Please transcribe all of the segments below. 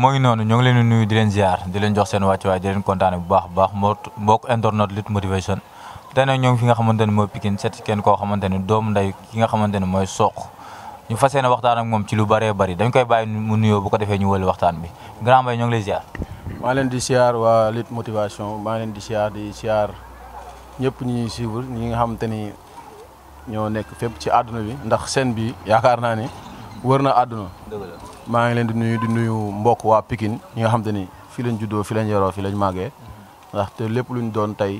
moo noonu ñoo ngi leen di nuyu di leen ziar di leen jox seen wàccuwaay di leen kontaane bu baax baax moo mbokk internet Lutte Motivation tey nag ñoo ngi fi nga xamante ne mooy Pikine seet kenn koo xamante ne doomu nday ki nga xamante ne mooy Sokh ñu fas yéene waxtaan ak moom ci lu bëree bari dañ koy bàyyi mu nuyoo bu ko defee ñu wëli waxtaan bi grand bay ñoo ngi lay ziar maa leen di ziar waa lit Motivation maa leen di ziar di ziar ñëpp ñu ñuy suivre ñi nga xamante ni ñoo nekk fépp ci àdduna bi ndax seen bi yaakaar naa ne wër na àdduna maa ngi leen di nuyu di nuyu mbokk waa filen ñi nga xam te ni don lañ juddoo fi lañ yaroo fi lañ màggee ndaxte lépp luñ doon tey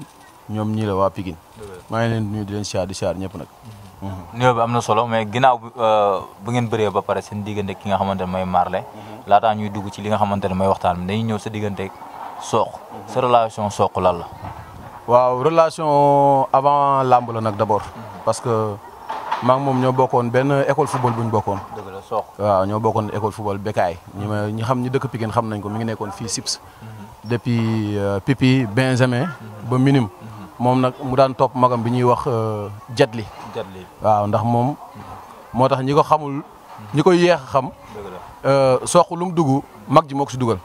ñoom ñii la waa Pikine maa ngi leen di nuyu di leen siyaar di siyaar ñëpp nag mhm. nuyoo bi am na solo mais ginnaaw euh, bu ngeen bëree ba pare seen diggante ki nga xamante ne mooy Marley mhm. laataa ñuy dugg ci li nga xamante ne mooy waxtaan bi dañuy ñëw sa diggante Sokh mhm. sa relation Sokh lan la waaw relation avant làmb la nag parce que maa ngi moom ñoo bokkoon benn école football bokkoon soox waaw ñoo bokkoon école football Bekaay ñi ma ñi xam ñi dëkk Pikine xam nañ ko mi ngi nekkoon fii Sips mhm. depuis euh, Pipi Benjamin ba Minim mhm. moom nag mu daan topp magam bi ñuy wax euh, Jatli Jatli waaw ndax moom mhm. moo tax ñi ko xamul ñi koy yeex xam euh, sooq lu mu dugg mag ji moo ko si dugal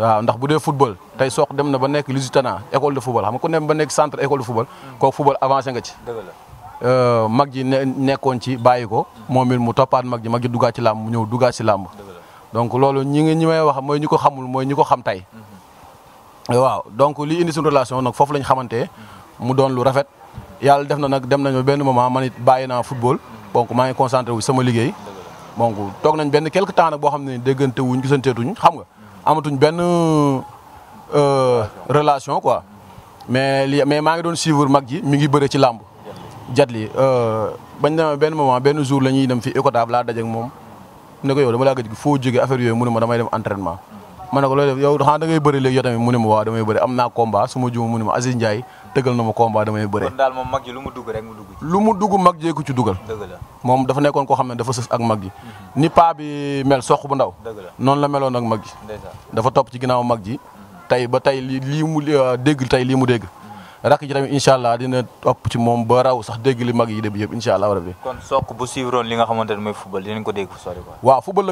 waaw ndax bu dee football tey sooq dem na ba nekk Lusitana école de football xam nga ku dem ba nekk centre école de football kooku football avancé nga ci Euh, mag ji ne nekkoon ci bàyyi ko moom it mu toppaat mag ji mag ji duggaat ci làmb mu ñëw duggaat ci làmb donc loolu ñi ngi ñi may wax mooy ñi ko xamul mooy ñi ko xam tey mm-hmm. waaw donc li indi suñu relation nag foofu lañ xamante mu doon lu rafet yàlla def na nag dem nañu benn moment man it bàyyi naa football donc maa ngi concentré wu sama liggéey donc toog nañ benn quelque temps boo xam ne déggante wuñ gisanteetuñ xam nga mm-hmm. amatuñ benn euh, relation quoi mm-hmm. mais mais maa ngi doon suivre mag ji mi ngi bëre ci làmb Jatli euh, bañ demee benn moment benn jour la ñuy dem fi écotable laa dajeeg moom ne ko yow dama laa gëj foo jógee affaire yooyu mu ne ma damay dem entraînement. ma ne ko loolu def yow xanaa da ngay bëri léegi yow ma waaw damay bëri am naa combat su ma juum mu ne ma Aziz Ndiaye tëggal na ma damay bëri. lu mu dugg rek dugg. lu mu dugg mag jee ku dugal. moom dafa nekkoon ko xam ne dafa sës ak mag ji. Mhm. ni paa bi mel soq bu ndaw. dëgg la noonu la meloon ak mag ji. dafa topp ci ginnaaw mag ji. tey ba tey lii mu euh, dégg tey lii mu dégg rakk ji tamit incha allah dina topp ci moom ba raw sax dégg li mag yi dem yëpp incha allah rabbi kon bu suivroon li nga xamante ne mooy football dinañ ko dégg fu football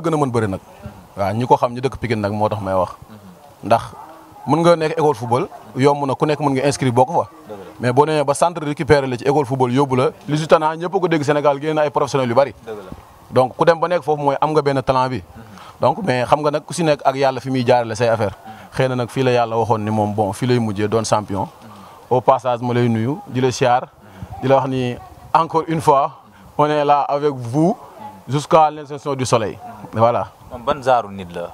la a mën nga nekk école football yomb na ku nekk mën nga inscrit bokk fa mais boo demee ba centre récupéré la ci école football a la ko dégg Sénégal génn ay professionnels yu bari donc ku dem ba nekk foofu mooy am nga benn talent bi donc mais xam nga nag ku si nekk ak yàlla fi muy jaarale say affaire mm-hmm. xëy na nag fii la yàlla waxoon ni moom bon fii lay mujjee doon champion au passage ma lay nuyu di la siyaar di la wax ni encore une fois on est là avec vous jusqu'à l'inscription du soleil voilà. ban zaaru nit la.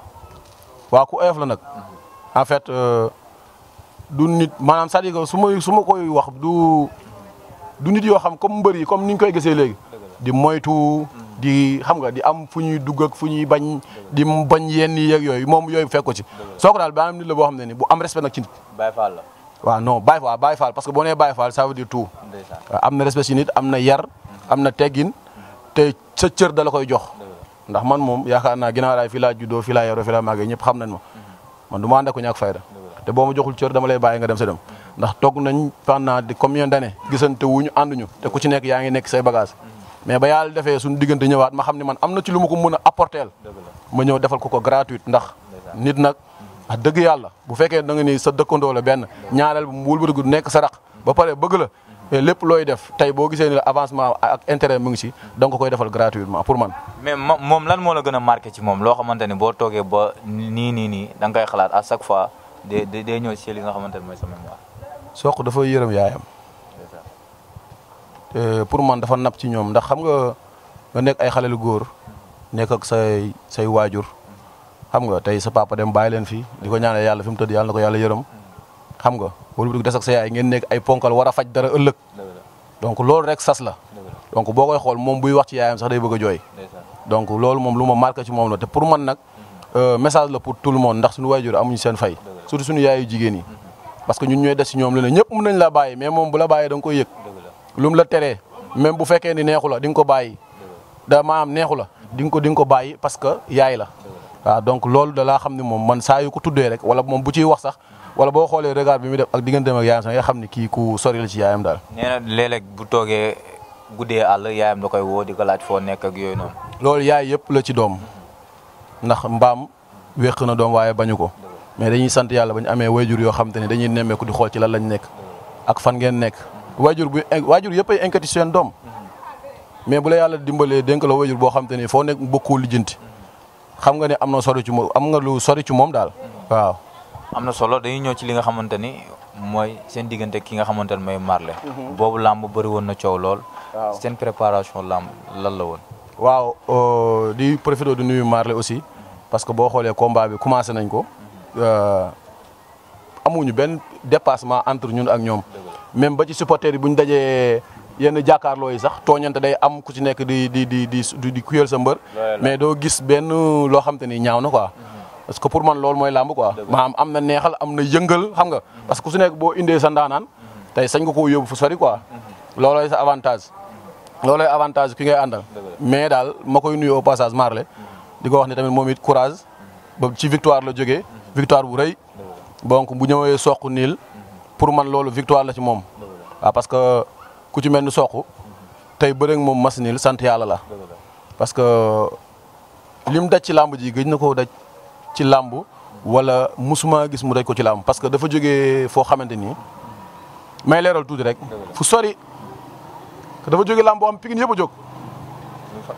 waaw ku oyof la nak. en fait euh, du nit maanaam c'est-à-dire koy wax du du nit yo xam comme mbër yi comme ni ñu koy gisee léegi. di moytu. di xam nga di am fu ñuy dugg ak fu ñuy di bañ yenn yi ak yoy moom yooyu fekk ci. soo ko daal ba am nit la bo xam ne ni bu am respect nak ci nit. Baay Faal la. waaw no Baye Fall Baye Fall parce que boo nee Baye Fall ça dire tout am na respect si am na yar am na teggin te sa cër da la koy jox ndax man moom yaakaar naa ginnaaw laay fi laa juddoo fi laa yaroo fi laa màggee ñëpp xam nañ ma man du ma ànd ak fayda te boo ma joxul cër dama lay bàyyi nga dem sa ndax tog nañ pendant de combien d'années gisante wuñu ñu te ku ci nekk yaa ngi nekk say bagage mais ba yàlla defee suñu diggante ñëwaat ma xam ne man am na ci lu ko mën a apporteel ma defal ko ko gratuite ndax nit nag a dëgg yàlla bu fekkee da ni sa dëkkandoo la benn ñaareel bu mu wëlbatiku nekk sa rax ba pare bëgg la lépp looy def tey boo gisee ni la avancement ak intérêt mu ngi si da koy defal gratuitement pour man. mais moom lan moo la gën a marqué ci moom loo xamante ni boo toogee ba nii nii nii da xalaat à chaque fois day day ñëw si li nga xamante ni mooy sa mémoire. Sokh dafa yërëm yaayam. pour man dafa nap ci ñoom ndax xam nga nga nekk ay xale góor nekk ak say say waajur. xam nga tay sa papa dem bay len fi di ko ñaanal yàlla fi mu tëdd yàlla na ko xam nga wol bu des ak sa yaay ngeen nek ay ponkal wara a faj dara euleuk donc lool rek sas la donc bokoy xol mom buy wax ci yaayam sax day bëgg joy donc lool mom luma marqué ci mom la te pour man euh message la pour tout le monde ndax suñu wayjur amuñu seen fay surtout suñu yaayu jigéen yi parce que ñun ñoy dess ci ñom la ñepp mu nañ la bàyyi mais mom bu la bàyyee dang koy yek lum la téré même bu fekkee ni neexu la ko bàyyi da maam neexu la ding ko ding ko bàyyi parce que yaay la waaw donc loolu da laa xam ne moom man saa yu ko tuddee rek wala moom bu ciy wax sax wala boo xoolee regard bi muy de ak digganteem ak yaayam sax nga xam ne kii ku sori la ci yaayam daal. nee na léeg-léeg bu toogee guddee àll yaayam da koy woo di ko laaj foo nekk ak yooyu noonu. loolu yaay yëpp la ci doom ndax mbaam wéq na doom waaye bañu ko mais dañuy sant yàlla ba ñu amee wayjur yoo xam ne dañuy nemmeeku di ci lan lañ nekk ak fan ngeen nekk. waajur bu waajur yëpp ay inquiétude seen doom mais bu la yàlla dimbalee dénk la waajur boo xam ne foo nekk bokkoo lijjanti xam nga ne am na sori ci moom am nga lu sori moom daal waaw. am na solo dañuy ñëw ci li nga xamante ni mooy seen diggante ki nga xamante ni mooy Marley. Mhm. boobu làmb bëri woon na coow lool. waaw seen préparation làmb lan la woon. waaw euh, di profité du nuyu Marley aussi parce que boo xoolee combat bi commencé nañ ko. Euh, amuñu benn dépassement entre ñun ak ñoom. même ba ci supporter dajee yenn jàkkaarloo yi sax tooñante day am ku ci nekk di di di di di kuyal sa mbër. mais doo gis benn loo xam ni ñaaw na ko parce que pour man loolu mooy làmb quoi. maanaam am na neexal am na yëngal xam nga. parce que ku ci nekk boo indee sa ndaanaan. tey sañ ga koo yóbbu fu sori quoi. loolooy sa avantage. loolooy avantage ki ngay àndal. mais daal ma koy nuyoo au passage Marley. di ko wax ne tamit moom it courage. ba ci victoire la jógee. victoire bu rëy. donc bu ñëwee soq niil. pour man loolu victoire la ci moom. ku ci melni soxu tay tey mom moom masinil sant la. parce que lim daj ci lamb ji gëj nako ko daj ci lamb wala musuma gis mu daj ko ci lamb parce que dafa joge fo xamanteni may leral tout rek. fu sori dafa joge lamb am Pikine yëpp jog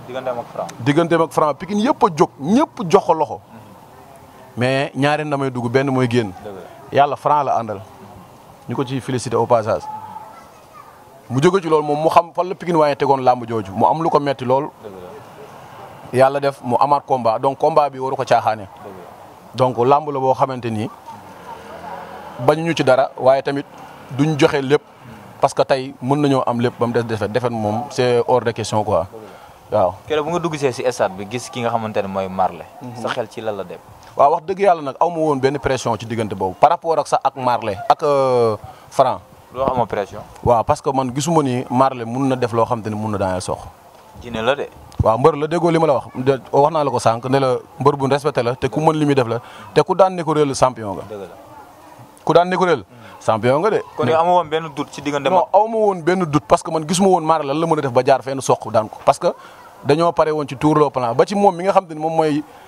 digantem ak Franc digantem ak Franc Pikine yëpp jox loxo. mais ñaare ndamay dugg ben moy genn yalla Franc la andal ñuko ci féliciter au passage. mu jóge ci loolu moom mu xam fan la Pikine waaye tegoon làmb jooju mu am lu ko metti lool. yàlla def mu amaat combat donc combat bi waru ko caaxaane donc làmb la boo xamante ni bañu ñu ci dara waaye tamit duñ joxe lépp parce que tey mën nañoo am lépp ba mu des defet defet moom c'est hors question quoi waaw. keroog bu nga dugg see si stade bi gis ki nga xamante ne mooy Marley. Mhm. sa xel ci lan la dem. waaw wax dëgg yàlla nag aw ma woon benn pression ci diggante boobu par rapport ak sax ak Marley ak euh, Franc. loo am pression. waaw parce que man gisuma ni Marley mun na def loo xam ne mun na daaneel Sokh. jinne la de. waaw mbër la déggoo li ma la wax wax naa la ko sànq ne mbër bu respecté la te ku mën li def la te ku daan ne ko ku daan ne ko de. kon yow woon benn doute parce que man gisuma woon Marley lan la mën a def ba jaar fenn Sokh daan parce que dañoo pare woon ci tour le plan ba ci moom mi nga xam moom mooy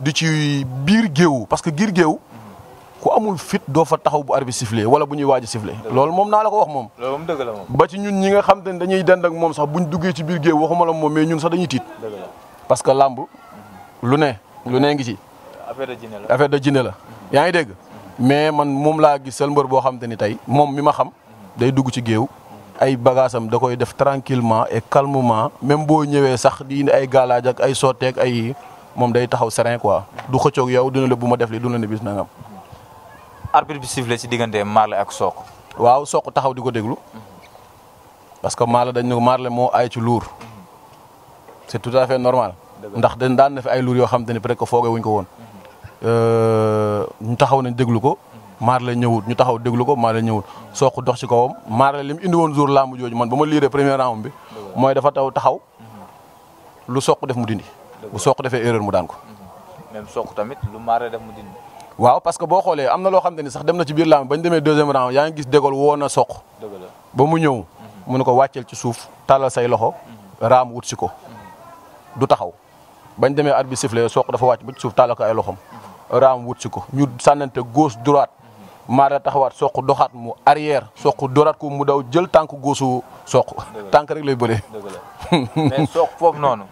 di ci parce que giir quoi ku amul fit doo fa taxaw bu arbi sifflé wala bu ñuy waaj a sifflé loolu moom naa la ko wax moom la moom ba ci ñun ñi nga xam ne dañuy dend ak moom sax buñ ci waxuma la mais ñun sax dañuy tiit parce que làmb lu ne lu ne ngi ci affaire de jinne la yaa ngi dégg mais man moom laa gis sel mbër boo xam Mon, tey moom mi ma xam day dugg ci ay da tranquillement et calmement même boo ñëwee sax di indi ay galaaj ak ay moom day taxaw serein quoi du xëccoog yow dina la bu ma def li dina la bis nangam. arbitre bi sifflé si diggante Marley ak sook waaw Sokh taxaw di ko déglu parce que Marley dañ ne ko Marley moo aay ci luur c'est tout à fait normal. ndax dañ daan na fi ay luur yoo xam te ne peut être wuñ ko woon. Euh, ñu taxaw nañ déglu ko. Marley ñëwut ñu taxaw déglu ko Marley ñëwut Sokh dox ci kawam Marley li mu indi woon jour làmb jooju man ba ma liiree premier round bi. mooy dafa taw taxaw lu Sokh def mu bu soq defee erreur mu daan ko. même soq tamit lu maaree def mu dindi. waaw parce que boo xoolee am na loo xam ne ni sax dem na ci biir laam bañ demee deuxième round yaa ngi gis déggoo woo na soq. ba mu ñëw. mu ne ko wàcceel ci suuf tàllal say loxo. raam wut si ko. du taxaw bañ demee arbitre bi sifflé soq dafa wàcc ba ci suuf tàllal ko ay loxom raam wut si ko ñu sànnante gauche droite. maara taxawaat soq doxaat mu arrière soq dooraat ko mu daw jël tànk goosu soq. tànk rek lay bëree. mais sook foofu noonu.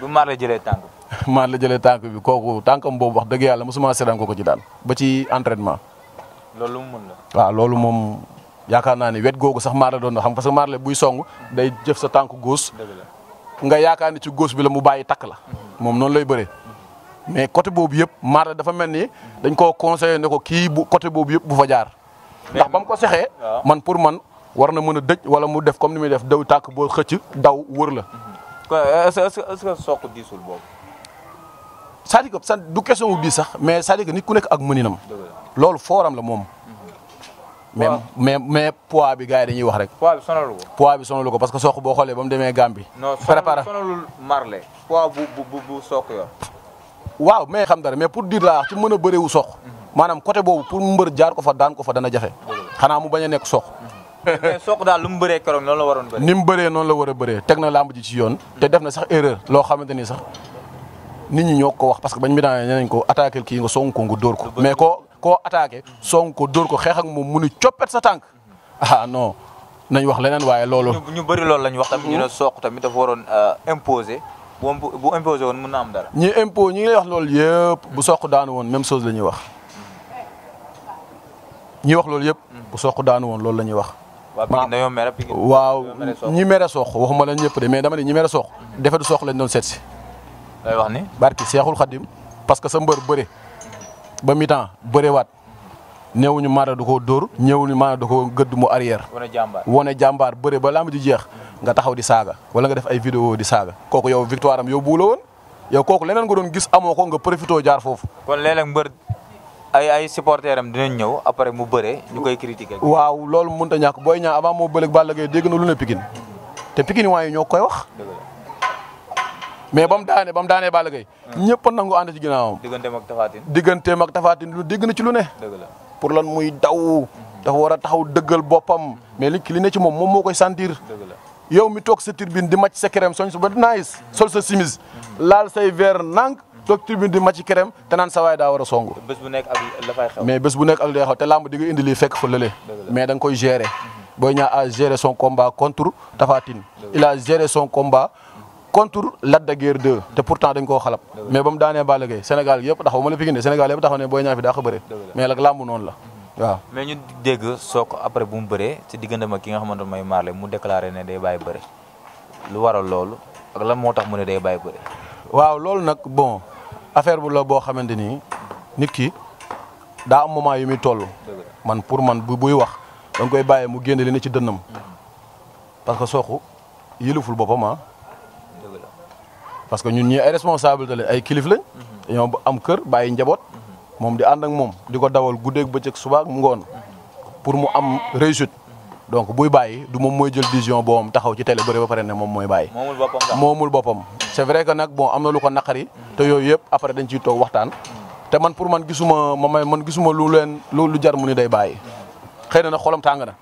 du maar la jëlee tànk. maar la jëlee tànk bi kooku tànkam boobu wax dëgg yàlla mosuma seetaan ko ko ci daan ba ci entraînement. loolu mu mën la. waaw loolu moom yaakaar naa ne wet googu sax maar doon na xam parce que maar la buy song day jëf sa tànk góos. nga yaakaar ne ci góos bi la mu bàyyi takk la. Mhm. moom noonu lay bëree. mais côté boobu yëpp Marley dafa mel ni dañ koo conseillé ne ko kii bu côté boobu yëpp bu fa jaar. ndax ba ko sexee man pour man war na mën a dëj wala mu def comme ni muy def daw tàkk boo xëcc daw wër la. est-ce que soq diisul boobu. c'est-à-dire du question wu di sax mais cest à nit ku nekk ak mëninam. loolu foo fooram la moom. mais mais mais poids bi gars yi wax rek. poids bi sonalu ko. ko parce que soq boo xoolee ba mu demee Gambie. préparation non sonalul Marley. poids bu bu bu soq waaw mais xam dara mais pour dire laa ci mën a bëreewu sox maanaam côté boobu pour mbër jaar ko fa daan ko fa dana jafe xanaa mu bañ a nekk sox soq daal lu mu bëree keroog noonu la waroon ni mu bëree noonu la war a bëree teg na làmb ji ci yoon te def na sax erreur loo xamante ni sax ni ñu ñoo ko wax parce que bañ mi daan nee nañ ko attaqué kii nga song ko nga dóor ko mais koo koo attaqué song ko dóor ko xeex ak moom mu ni coppet sa tànk ah non nañ wax leneen waaye loolu ñu bëri loolu lañ wax tamit ñu ne soq tamit dafa waroon euh, imposer bu bu imposé woon mën na am dara. ñi impo ñi ngi wax loolu yëpp bu soq daanu woon même chose la ñuy wax ñi wax loolu yëpp. bu soq daanu woon loolu la ñuy wax. waaw ñi mere soq waxuma leen ñëpp de mais dama ne ñi mere sook defe du soq lañ doon seet si. lay wax ni barki seexul xadim parce que sa mbër bëre ba mi-temps waat néewuñu maanaam da koo dóor ñëwuñu maanaam da koo gëdd mu arrière. wane jàmbaar wane jàmbaar bëre ba lamb ji jeex. nga taxaw di saga, wala nga def ay vidéo di saga, koku yow victoire am yow la woon yow koku leneen nga doon gis amoko nga profito jaar fofu kon léeg mbeur ay ay supporter am dinañ ñëw après mu bëree ñu critiquer. waaw lool mu nta ñak boy ñaa avant moo bëleeg Balla Gaye deg na lu ne Pikine te Pikine way yi koy wax. mais bam daane bam daane Balla Gaye hmm. ñëpp nangu and ci ginnaawam ak tafatin ak tafatin lu deg na ci lu ne deug la pour lan muy daw da wara taxaw deugal bopam mais li ne ci mom mom moo koy sentir deug la yow mi tok sa turbine di match sa crème soñ su ba nice sol sa simis lal say verre nank toog tribune di match crème te naan sa way da wara a songu bés bu nek ak la fay xew mais bés bu nek ak la fay xew te làmb di nga indi li fekk fa lele mais dang koy gérer Boy Niang a gérer son combat contre tafatine il a géré son combat contre la de Guiers 2 te pourtant dañ koo xalab mais bam mu daanee Sénégal yépp taxaw ma la fi gën Sénégal yépp taxaw né Boy Niang fi da ko bëre mais lak lamb non la waaw mais ñu dégg Sokh après bu mu bëree ci diggante ma ki nga xamante mooy Marley mu déclaré ne day bàyyi bëri lu waral loolu ak lan moo tax mu ne day bàyyi bëri. waaw loolu nag bon affaire bu la boo xamante ni nit ki daa am moment yu muy toll. man pour man bu buy wax da koy bàyyi mu génne li ci dënnam. Mm-hmm. parce que sooku yëluful boppam ah. parce que ñun ñii ay responsable lañ ay kilif lañ. Mm-hmm. am kër bàyyi njaboot. Mm-hmm. mom di and ak mom diko dawal guddeeg bëccëg suba ak ngon pour mu am réussite donc buy bàyyi du mom moy jël décision boobam taxaw ci télé bari ba pare ne moom mooy bàyyi. moomul boppam momul bopam c'est vrai que nak bon amna luko nakari te yoy yep après dañ ci tok waxtaan. te man pour man gisuma ma may man gisuma lu len lu jar mu ni day bàyyi xeyna na xolam tàng na.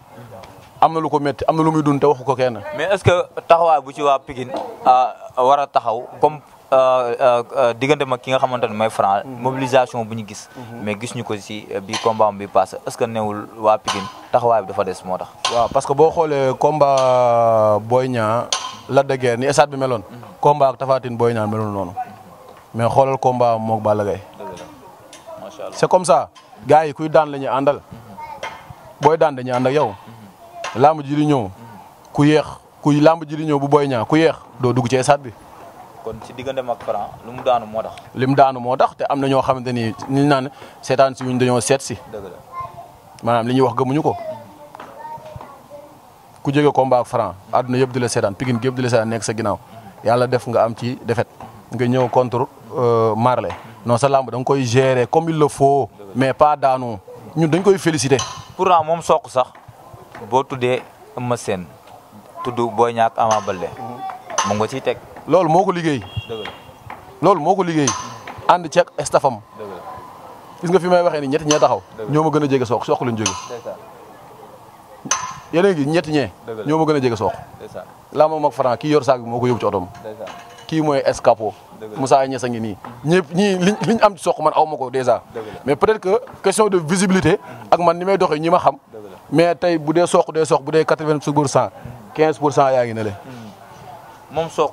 am na lu ko lu muy dund te waxuko kenn. mais est-ce que taxawaay bu ci wa pigine ah wara taxaw comme. Euh, euh, euh, diggante mag ki nga xamante ne mooy Franc mhm. mobilisation bu ñu gis mhm. mais gis ñu ko si bi combat bi passé est ce que newul waa Pikine taxawaay bi dafa des moo tax waaw parce que boo xoolee combat booy Niang la de Guiers ni état bi meloon mhm. combat ak booy Tine Boy noonu mais xoolal komba mook Balla Gaye c'est comme ça gars yi kuy daan la àndal booy daan dañuy ànd ak lamb ji di ñëw ku yéex ku lamb ji di ñëw bu booy ñaa ku yéex doo dugg ci état bi kon ci diggante mag Franc lu daanu moo tax. lim daanu moo tax te am na ñoo xamante ni ñu naan seetaan si da dañoo seet si. dëgg la maanaam li ñuy wax gëmuñu ko. ku jógee combat Franc àdduna yëpp di la seetaan Pikine gi yëpp la seetaan nekk sa ginnaaw yàlla def nga am ci défaite nga ñëw contre euh, Marley non sa lamb da nga koy gere comme il le faut mais pas daanu ñun dañ koy pour pourtant moom soq sax boo tuddee ma Sène tudd Boy Niang ak Ama Baldé mhm. mu nga loolu moo ko liggéey. loolu moo ko liggéey ànd ceeg stafam. gis nga fi may waxee ni ñett ñee taxaw. ñoo ma gën a jege soox soox lañ jóge. yeneen gi ñetti ñee. ñoo ma gën a jege soox. laa moom ak Franc kii yor saag moo ko yóbbu ci otoom. kii mooy escapo. Moussa Niass a ngi nii. ñëpp ñii liñ liñ am ci soox man aw ma ko dèjà. mais peut être que question de visibilité. ak man ni may doxee ñi ma xam. mais tey bu dee sook dee soox bu dee quatre vingt pour cent quinze pour cent yaa ngi ne le. Hmm. moom soox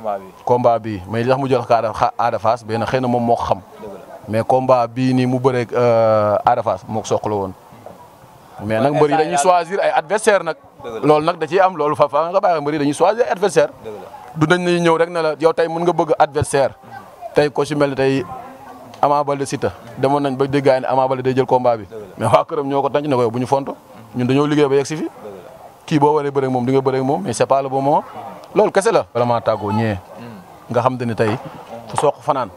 combat bi combat bi mais li tax mu jox ko Ada Fass benn na moom moo xam. mais combat bii ni mu bëreeg euh, Ada Fass moo ko soxla woon. mais nag mbër yi dañuy choisir ay adversaire nag. loolu nag da am loolu fa fa nga bàyyi mbër yi dañuy choisir ay adversaire du dañ lay ñëw rek ne la yow tey mën nga bëgg adversaire tey ko si mel ne tey Ama Baldé Siteu demoon nañ ba déggaay ne Ama Baldé day jël combat bi mais waa këram ñoo ko tànc ne ko bu ñu fonto ñun dañoo liggéey ba yegg si fi kii boo waree bëreeg moom di nga bëreeg moom mais loolu kese la bala maa tàggoo ñëwee hmm. nga xam te ne tey fu fanaan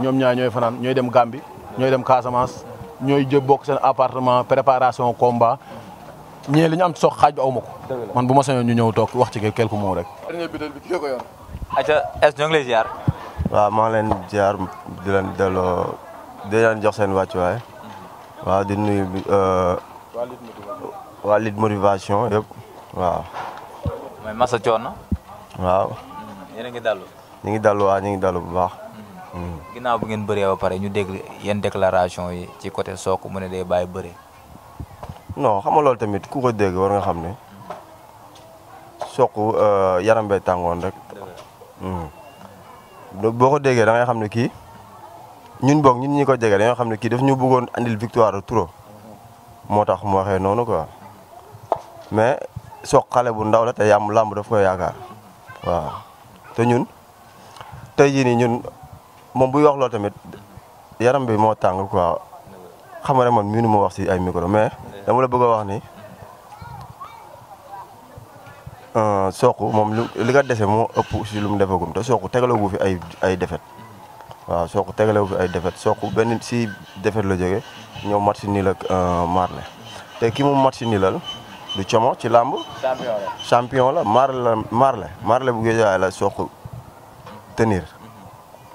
ñoom ñaar ñooy fanaan ñooy dem Gambie ñooy dem Casamance ñooy jë bokk seen appartement préparation komba ñee li ñu am ci soq xaaj bi aw ma ko man bu ma sañoon ñu ñëw toog wax ci quelques mots rek aca es ñoo ngi lay ziar maa leen jaar di leen delloo di jox seen wàccuwaay hmm. waaw di nuyu euh, waa lit motivation yëpp waaw mooy masa coono. waaw. yéen a ngi ñu ngi dallu waa ñu ngi dallu bu baax. Mm-hmm. ginnaaw bu ngeen bëree ba pare ñu dégg yenn déclaration yi ci côté Sokh mu ne day bàyyi bëree. non xam nga loolu tamit ku ko dégg war nga xam ne Sokh euh, yaram bee tàngoon rek. Mm-hmm. boo ko déggee da ngay xam ne kii ñun boog ñun ñi ko jege dañoo xam ne kii daf ñu bëggoon andil victoire trop moo tax mu waxee noonu quoi mais soog xale bu ndaw la te yàmm làmb daf koy yaakaar waaw te ñun tey jii nii ñun moom buy wax loolu tamit yaram bi moo tàng quoi xam nga man miinu ma wax si ay micro mais dama la bëgg wax ni euh, soq moom li nga dese moo ëpp si lu mu defagum te soq tegalewu fi ay ay defet waaw soq tegalewu ay defet soq benn si defet la jege ñëw match nil ak euh, Marley te kii moom mu match nilal du como ci làmb champion la marle la marle marle bu géej la soq tenir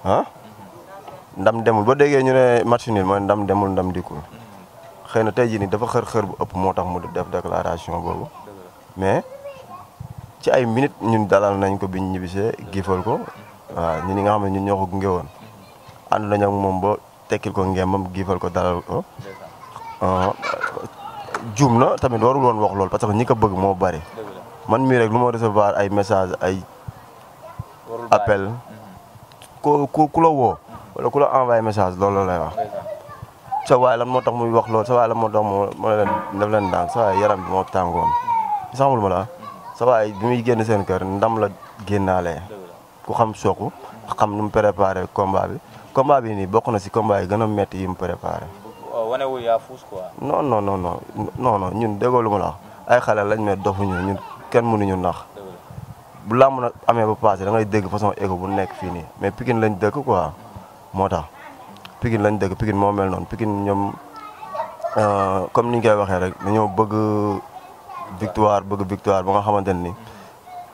mm-hmm. ah mm-hmm. ndam demul ba déggee ñu ne match nul ma ndam demul ndam dikkul mm-hmm. xëy na tey jii ni dafa xër-xër bu ëpp moo tax mu def déclaration boobu mais ci ay minutes ñun dalal nañ ko biñ ñibbisee gifal ko waaw ñi nga xam ne ñun ñoo ko gunge woon ànd nañ moom ba tekkil ko ngembam giifal ko dalal ko juum na tamit warul woon wax loolu parce que ñi ko bëgg moo bari man mii rek lu ma recevoir ay message ay appel mhm. ku ku ku la woo mhm. wala ku la envoyé message loolu lay wax sa waay lan moo tax muy wax loolu sa waay lan moo tax mu mu leen def leen daan sa waay yaram bi mhm. la muy génn seen kër ndam la génnaale ku xam sooku xam nu mu préparé combat bi combat bi nii bokk na si combat yi gën a mu préparé ko yaa fuus quoi. non non non non non non ñun déggoo lu ma la ay xale lañ mais dofuñu ñun kenn mënuñu nax. bu làmb na amee ba pase da ngay dégg façon égo bu nekk fii nii mais Pikine lañ dëkk quoi moo tax Pikine lañ dëkk Pikine moo mel noonu pikin ñoom euh, comme ni ñu koy waxee rek ñëw bëgg victoire bëgg victoire ba nga xamante ne ni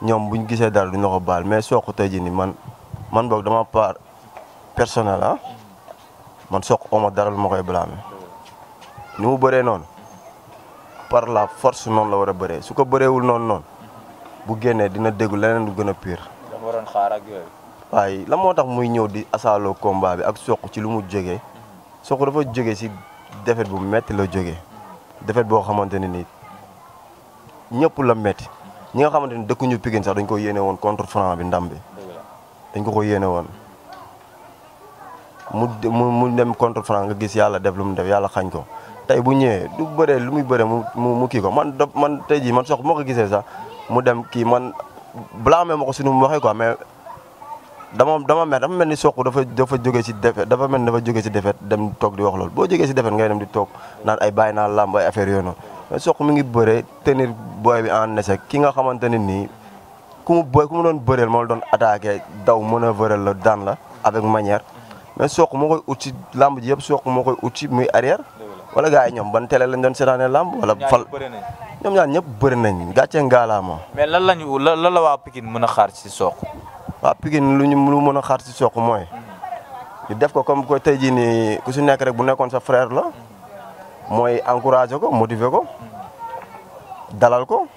ñoom buñ gisee dara duñ la baal mais Sokh tey jii nii man man boog dama part personnel ah man Sokh oma dara lu ma koy ni mu bëree noonu par la force noonu la war a bëree su ko bëreewul noon noon bu génnee dina déglu leneen lu gën a pire. dama waroon xaar ak yooyu. la moo tax muy ñëw di asaaloo combat ak soq ci lu mu jógee soq dafa jógee si defet bu metti la jógee defet boo xamante ne nii ñëpp la metti ñi nga xamante ni dëkkuñu Pikine sax dañ ko yéene woon contre Franc bi ndam bi dañ ko ko yéene woon mu mu dem contre Franc nga gis yàlla def lu mu def yàlla xañ ko tey bu ñëwee du bëree lu muy bëree mu mu kii ko man da man tey jii man sox bu ko gisee sax mu dem kii man blâmé ma ko suñu waxee ko mais dama dama mel dama mel ni soq dafa dafa jógee si defet dafa mel ni dafa jógee si defet dem toog di wax loolu boo jógee si defet ngay dem di toog naan ay bàyyi naa làmb ay affaire yooyu noonu ngi bëree tenir booy bi en échec ki nga xamante ne nii ku mu ku mu doon bëreel moo doon attaqué daw mën a bëreel la daan la avec manière mais soq moo koy ut si làmb ji yëpp sook moo koy ut si muy arrière wala gaay ñom ban télé lañ doon sétané lamb wala fal ñom ñaan ñep bëri nañ gatché mo mais lan lañ la la wa pikine mëna xaar ci sox wa pikine lu ñu lu mëna xaar ci sox moy mm-hmm. ñu def ko comme ko tay ni ku su nekk rek bu nekkon sa frère la moy mm-hmm. encourager ko motiver ko mm-hmm. dalal ko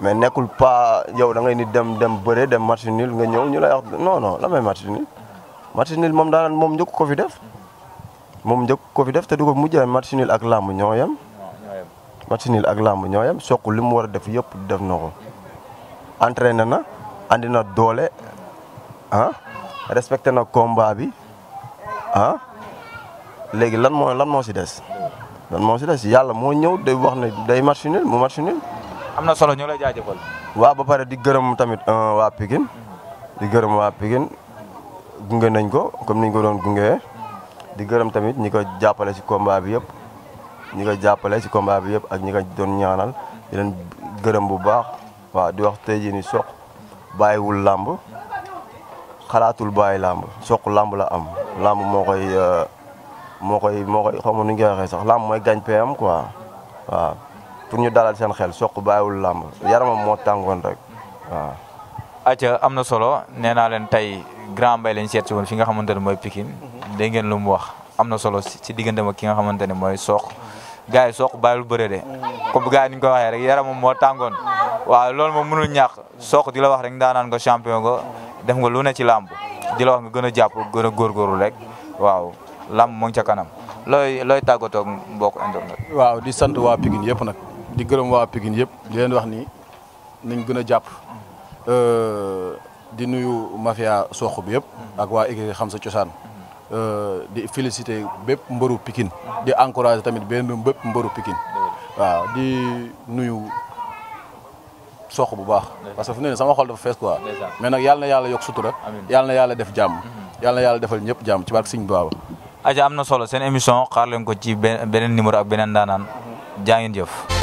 mais nekul pa yow da ngay ni dem dem beure dem match nul nga ñew ñu lay wax non non la may match nul match nul mom daan mom ñuko ko fi def mom njëkk ko fi def te du ko mujjee match nul ak lamb ñoyam match nul ak lamb ñoyam sokku limu wara def yëpp def nako entraîner na andina doole ah respecté na combat bi ah léegi lan mo lan mo ci des. lan mo ci des yalla mo ñew day wax ne day match nul mu match nul. solo ñolay lay wa ba pare di gëreum tamit euh, wa Pikine. di gëreum wa Pikine gunge nañ ko comme niñ ko doon gungé di gërëm tamit ñi ko jàppale ci combat bi yëpp ñi ko jàppale ci combat bi yëpp ak ñi ko doon ñaanal di gërëm bu baax waaw di wax te jii ni soq bàyyiwul làmb xalaatul bàyyi làmb soq làmb la am làmb moo koy euh, moo koy moo koy xamu nu ñu koy waxee sax làmb mooy gañ payam quoi waaw pour ñu dalal seen xel soq bàyyiwul làmb yaramam moo tàngoon rek waaw. acca am na solo nee naa leen tey grand mbay lañ seet si woon fi nga xamante ne mooy Pikine dégg ngeen lu mu wax am na solo si diggante ma ki nga xamante ne mooy sook gars yi Sokh bàyyi lu bëre de comme gars yi ni ñu ko waxee rek yaramam moo tàngoon waaw loolu moom mënul ñàkk Sokh di la wax rek nga champion nga def nga lu ne ci làmb di wax nga gën a jàpp gën a góorgóorlu rek waaw lamb moo ngi ca kanam looy looy tàggatoo mbokk internet. waaw di sant waa Pikine yëpp nag di gërëm waa Pikine yëpp di leen wax ni nañ gën a jàpp euh, di nuyu mafia Sokh bi yëpp ak waa Igri xam sa cosaan. Euh, di féliciter bépp mbaru pikin di encourager tamit benn bépp mbaru Pikine waaw di nuyu sox bu baax parce que fu ne sama xol dafa fees quoi mais nag yàlla na yàlla yokk sutura yàlla na yàlla def jàmm mhm. yàlla na yàlla defal ñëpp jàmm ci barke Sëñ Baaba aja am na solo seen émission xaar leen ko ci beneen numéro ak beneen daanaan mhm. jaa jëf